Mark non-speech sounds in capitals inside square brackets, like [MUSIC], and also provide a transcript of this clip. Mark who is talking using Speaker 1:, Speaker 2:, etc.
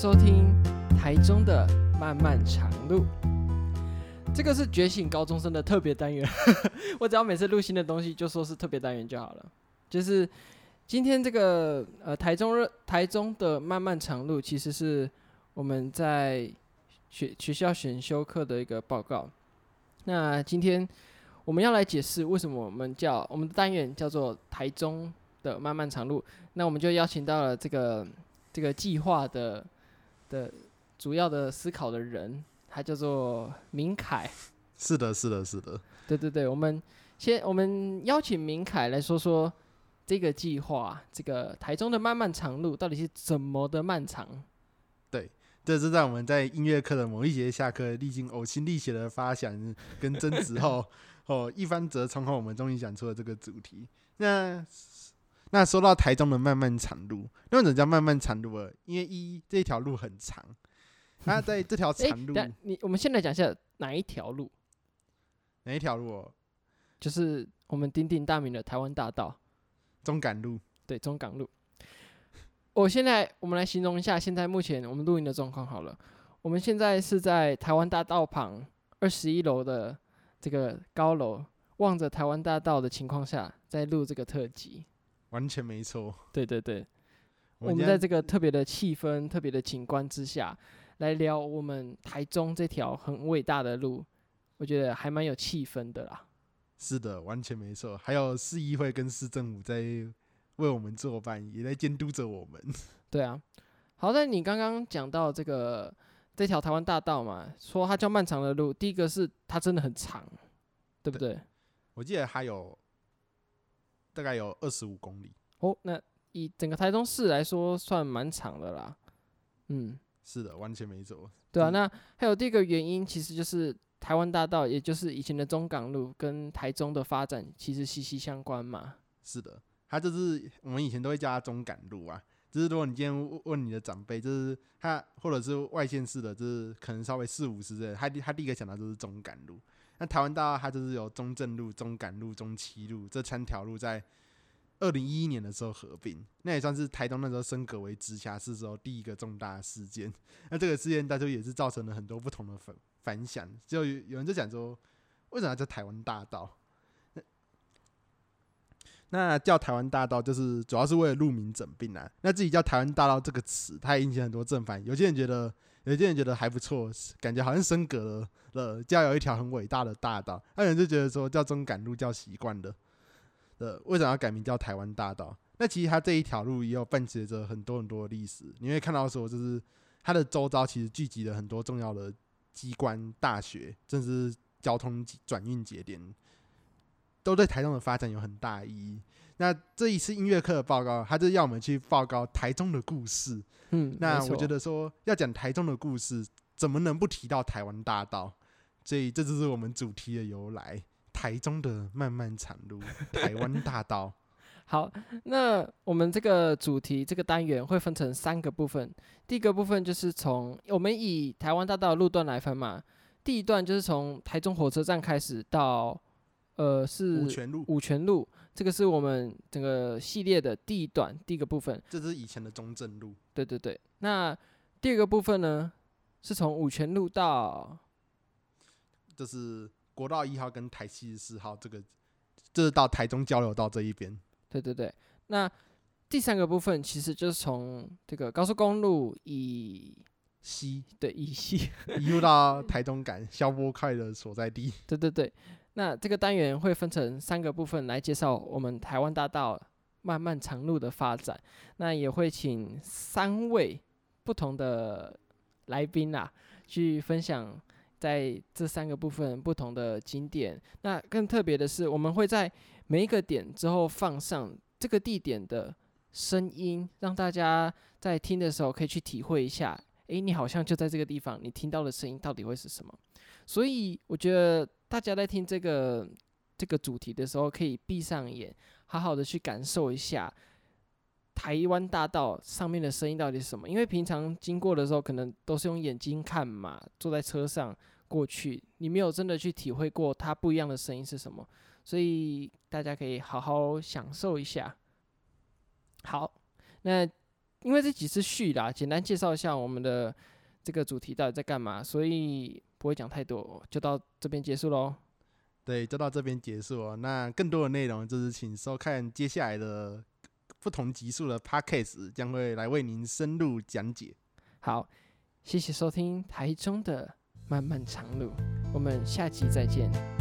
Speaker 1: 收聽台中的漫漫長路，這個是覺醒高中生的特別單元。 [LAUGHS] 我只要每次錄新的東西，就說是特別單元就好了。就是今天這個呃，台中熱台中的漫漫長路，其實是我們在學學校選修課的一個報告。那今天我們要來解釋為什麼我們叫我們的單元叫做台中的漫漫長路。那我們就邀請到了這個這個計劃的。的主要的思考的人，他叫做明凱。是的，是的，是的。對對對，我們先，我們邀請明凱來說說這個計劃，這個台中的漫漫長路到底是怎麼的漫長？
Speaker 2: 對，這、就是在我們在音樂課的某一節下課，歷經嘔心瀝血的發想跟爭執後，後、 [LAUGHS] 哦、一番折衝後，我們終於講出了這個主題。那。那說到台中的漫漫長路，那什麼叫漫漫長路啊？因為一這
Speaker 1: 條路很長。那、啊、在這條長路， [LAUGHS] 欸、你，我們先來講一下哪一條路？哪一條路、哦？就是我們鼎鼎大名的台灣大道。中港路，對，中港路。 [LAUGHS] 我現在我們來形容一下現在目前我們錄音的狀況好了。我們現在是在台灣大道旁二十一樓的這個高樓，望着台灣大道的情況下，在錄這個特輯。
Speaker 2: 完全沒錯，對對對，我們在這
Speaker 1: 個特別的氣氛、特別的景觀之下來聊我們台中這條很偉大的路，我覺得還蠻有氣氛的啦。
Speaker 2: 是的，完全沒錯，還有市議會跟市政府在為我們做伴，也在監督着我們。
Speaker 1: 對啊，好，那你剛剛講到這個這條台灣大道嘛，說它叫漫長的路，第一個是它真的很長，對不對？對，
Speaker 2: 我記得還有，大概有二十五公里
Speaker 1: 哦，那以整個台中市來說，算蠻長的啦。
Speaker 2: 嗯，是的，完全沒錯。
Speaker 1: 對啊，那還有第一個原因，其實就是台灣大道，也就是以前的中港路，跟台中的發展其實息息相關嘛。是的，他就是我
Speaker 2: 們以前都會叫他中港
Speaker 1: 路啊。就是如果你今天問你的長輩，就
Speaker 2: 是他或者是外縣市的，就是可能稍微四五十歲，他他第一個想到就是中港路。那台灣大道它就是由中正路、中港路、中棲路這三條路在二零一一年的時候合併，那也算是台中那時候升格為直轄市之後第一個重大的事件。那這個事件大家也是造成了很多不同的反反響，就有人就講說，為什麼要叫台灣大道？那叫台灣大道，就是主要是為了路名整併啦、啊。那自己叫台灣大道這個詞，它也引起很多正反。有些人覺得，有些人覺得還不錯，感覺好像升格了，了，加有一條很偉大的大道。那有人就覺得說，叫中港路叫習慣了，為什麼要改名叫台灣大道？那其實它這一條路也有伴隨着很多很多的歷史。你會看到說，就是它的周遭其實聚集了很多重要的機關、大學，甚至交通轉運節點。都對台中的發展有很大意義。那這一次音樂課的報告，他就要我們去報告台中的故事。嗯，那我覺得說要講台中的故事，怎麼能不提到台灣大道？所以這就是我們
Speaker 1: 主題的由來——台中的漫漫長路， [LAUGHS] 台灣大道。好，那我們這個主題這個單元會分成三個部分。第一個部分就是從我們以台灣大道的路段來分嘛，第一段就是從台中火車站開始到。呃，是五權路，五權路，這個是我們整個系列的第一段、第一個部分。這是以前的中正路。對對對，那第二個部分呢，是從五權路到，
Speaker 2: 這是國道
Speaker 1: 一號跟台七十四號，這個、就是到台中交流道這一邊。對對對，那第三個部分其實就是從這個高速公路以西，對，以西一路 [LAUGHS] 到台中港消 [LAUGHS] 波塊的所在地。對對對。那這個單元會分成三個部分來介紹我們台灣大道漫漫長路的發展。那也會請三位不同的來賓啊，去分享在這三個部分不同的景點。那更特別的是，我們會在每一個點之後放上這個地點的聲音，讓大家在聽的時候可以去體會一下。哎，你好像就在這個地方，你聽到的聲音到底會是什麼？所以我覺得。大家在聽這個這個主題的時候，可以閉上眼，好好的去感受一下台灣大道上面的聲音到底是什麼。因為平常經過的時候，可能都是用眼睛看嘛，坐在車上過去，你沒有真的去體會過它不一樣的聲音是什麼，所以大家可以好好享受一下。好，那因為這幾次序啦，簡單介紹一下我們的這個主題到底在幹嘛，所以。不會講太多，就到這邊結束
Speaker 2: 嘍。對，就到這邊結束，哦。那更多的內容就是請收看接下來的不同集數的 Podcast 將會來為您深入講解。
Speaker 1: 好，謝謝收聽台中的漫漫長路，我們下集再見。